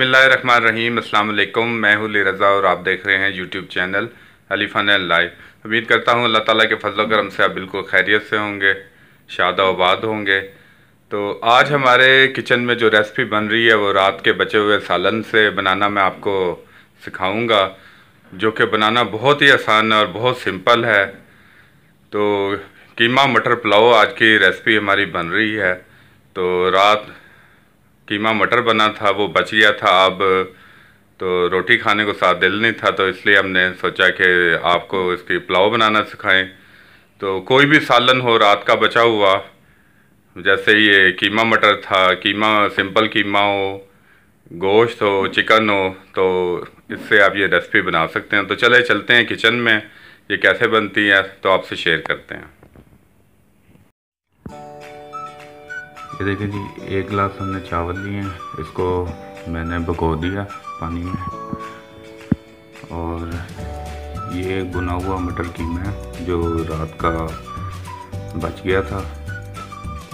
बसमिल्ल रहीम अल्लाम मैं हूँ रज़ा और आप देख रहे हैं YouTube channel Ali fun live उम्मीद करता हूँ अल्लाह ताला के फजल करम से आप बिल्कुल खैरियत से होंगे शादा आबाद होंगे तो आज हमारे किचन में जो रेसिपी बन रही है वो रात के बचे हुए सालन से बनाना मैं आपको सिखाऊँगा जो कि बनाना बहुत ही आसान और बहुत सिंपल है तो कीमा मटर पुलाव आज की रेसिपी हमारी बन रही है तो रात कीमा मटर बना था वो बच गया था अब तो रोटी खाने को साथ दिल नहीं था तो इसलिए हमने सोचा कि आपको इसकी पुलाव बनाना सिखाएं तो कोई भी सालन हो रात का बचा हुआ जैसे ये कीमा मटर था कीमा सिंपल कीमा हो गोश्त हो चिकन हो तो इससे आप ये रेसिपी बना सकते हैं तो चले चलते हैं किचन में ये कैसे बनती है तो आपसे शेयर करते हैं ये देखिए जी एक गिलास हमने चावल लिए हैं इसको मैंने भगो दिया पानी में और ये बुना हुआ मटर कीमा है जो रात का बच गया था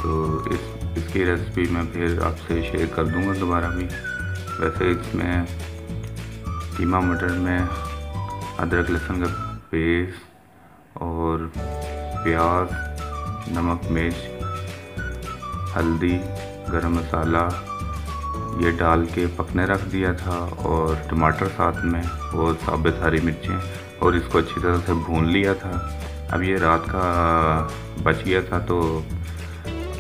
तो इस इसकी रेसिपी मैं फिर आपसे शेयर कर दूंगा दोबारा भी वैसे इसमें कीमा मटर में अदरक लहसुन का पेस्ट और प्याज नमक मिर्च हल्दी गरम मसाला ये डाल के पकने रख दिया था और टमाटर साथ में और साबित हरी मिर्चें और इसको अच्छी तरह से भून लिया था अब ये रात का बच गया था तो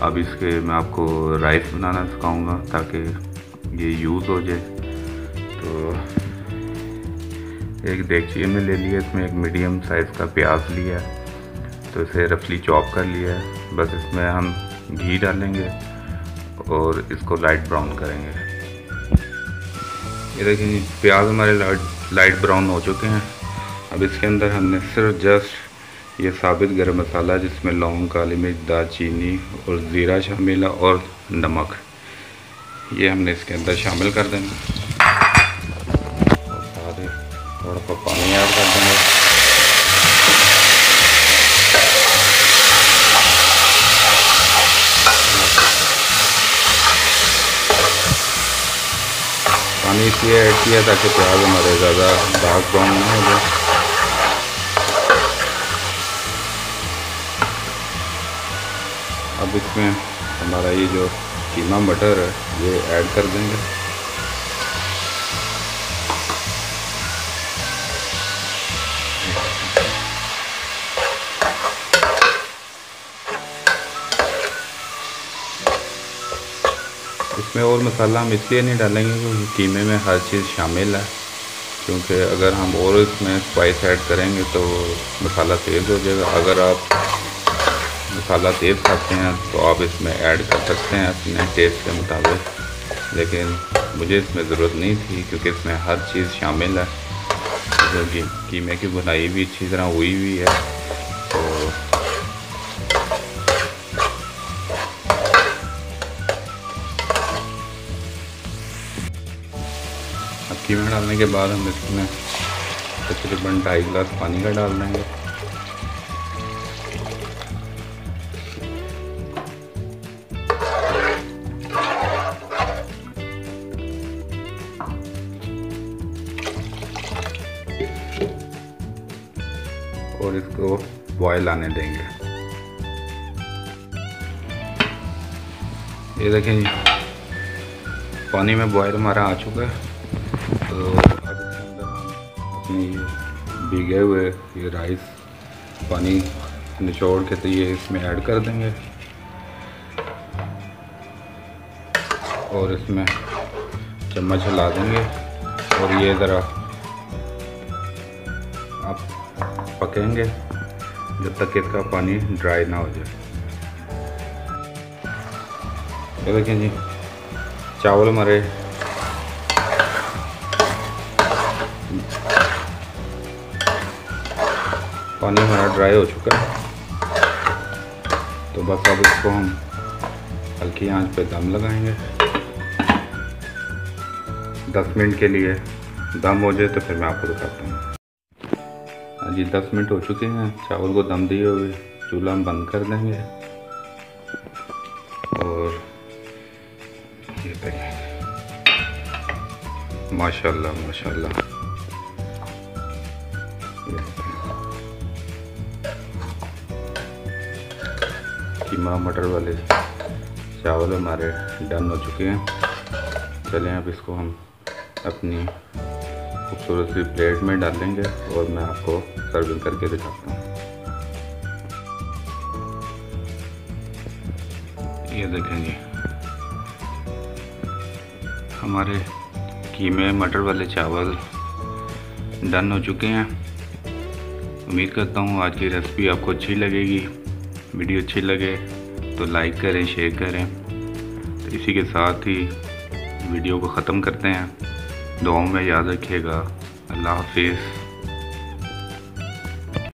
अब इसके मैं आपको राइस बनाना सिखाऊंगा ताकि ये यूज़ हो जाए तो एक देखिए में ले लिया इसमें एक मीडियम साइज़ का प्याज लिया तो इसे रफली चॉप कर लिया बस इसमें हम घी डालेंगे और इसको लाइट ब्राउन करेंगे ये देखेंगे प्याज हमारे लाइट लाइट ब्राउन हो चुके हैं अब इसके अंदर हमने सिर्फ जस्ट ये साबित गरम मसाला जिसमें लौंग काली मिर्च दालचीनी और ज़ीरा शामिल है और नमक ये हमने इसके अंदर शामिल कर देंगे और थोड़ा सा पानी ऐड कर देंगे पानी इसलिए ऐड किया ताकि प्याज हमारे ज़्यादा डार्क ब्राउन ना हो जाए अब इसमें हमारा ये जो कीमा मटर है ये ऐड कर देंगे इसमें और मसाला हम इसलिए नहीं डालेंगे क्योंकि कीमे में हर चीज़ शामिल है क्योंकि अगर हम और इसमें स्पाइस ऐड करेंगे तो मसाला तेज़ हो जाएगा अगर आप मसाला तेज़ खाते हैं तो आप इसमें ऐड कर सकते हैं अपने टेस्ट के मुताबिक लेकिन मुझे इसमें ज़रूरत नहीं थी क्योंकि इसमें हर चीज़ शामिल है जो कीमे की बुनाई भी अच्छी तरह हुई हुई है मटकी में डालने के बाद हम इसमें तकरीबन ढाई गिलास पानी का डाल देंगे और इसको बॉयल आने देंगे ये देखें पानी में बॉयल हमारा आ चुका है तो अब इसके अंदर हम अपने ये भीगे हुए ये राइस पानी निचोड़ के तो ये इसमें ऐड कर देंगे और इसमें चम्मच हिला देंगे और ये ज़रा आप पकेंगे जब तक इसका पानी ड्राई ना हो जाए ये देखें जी चावल हमारे पानी हमारा ड्राई हो चुका है तो बस अब इसको हम हल्की आंच पे दम लगाएंगे 10 मिनट के लिए दम हो जाए तो फिर मैं आपको दिखाता हूँ हाँ जी 10 मिनट हो चुके हैं चावल को दम दिए हुए चूल्हा हम बंद कर देंगे और ये माशाल्लाह माशाल्लाह कीमा मटर वाले चावल हमारे डन हो चुके हैं चलें अब इसको हम अपनी खूबसूरत सी प्लेट में डालेंगे और मैं आपको सर्विंग करके दिखाता हूँ ये देखें जी हमारे कीमे मटर वाले चावल डन हो चुके हैं उम्मीद करता हूँ आज की रेसिपी आपको अच्छी लगेगी वीडियो अच्छी लगे तो लाइक करें शेयर करें तो इसी के साथ ही वीडियो को ख़त्म करते हैं दुआओं में याद रखिएगा अल्लाह हाफिज़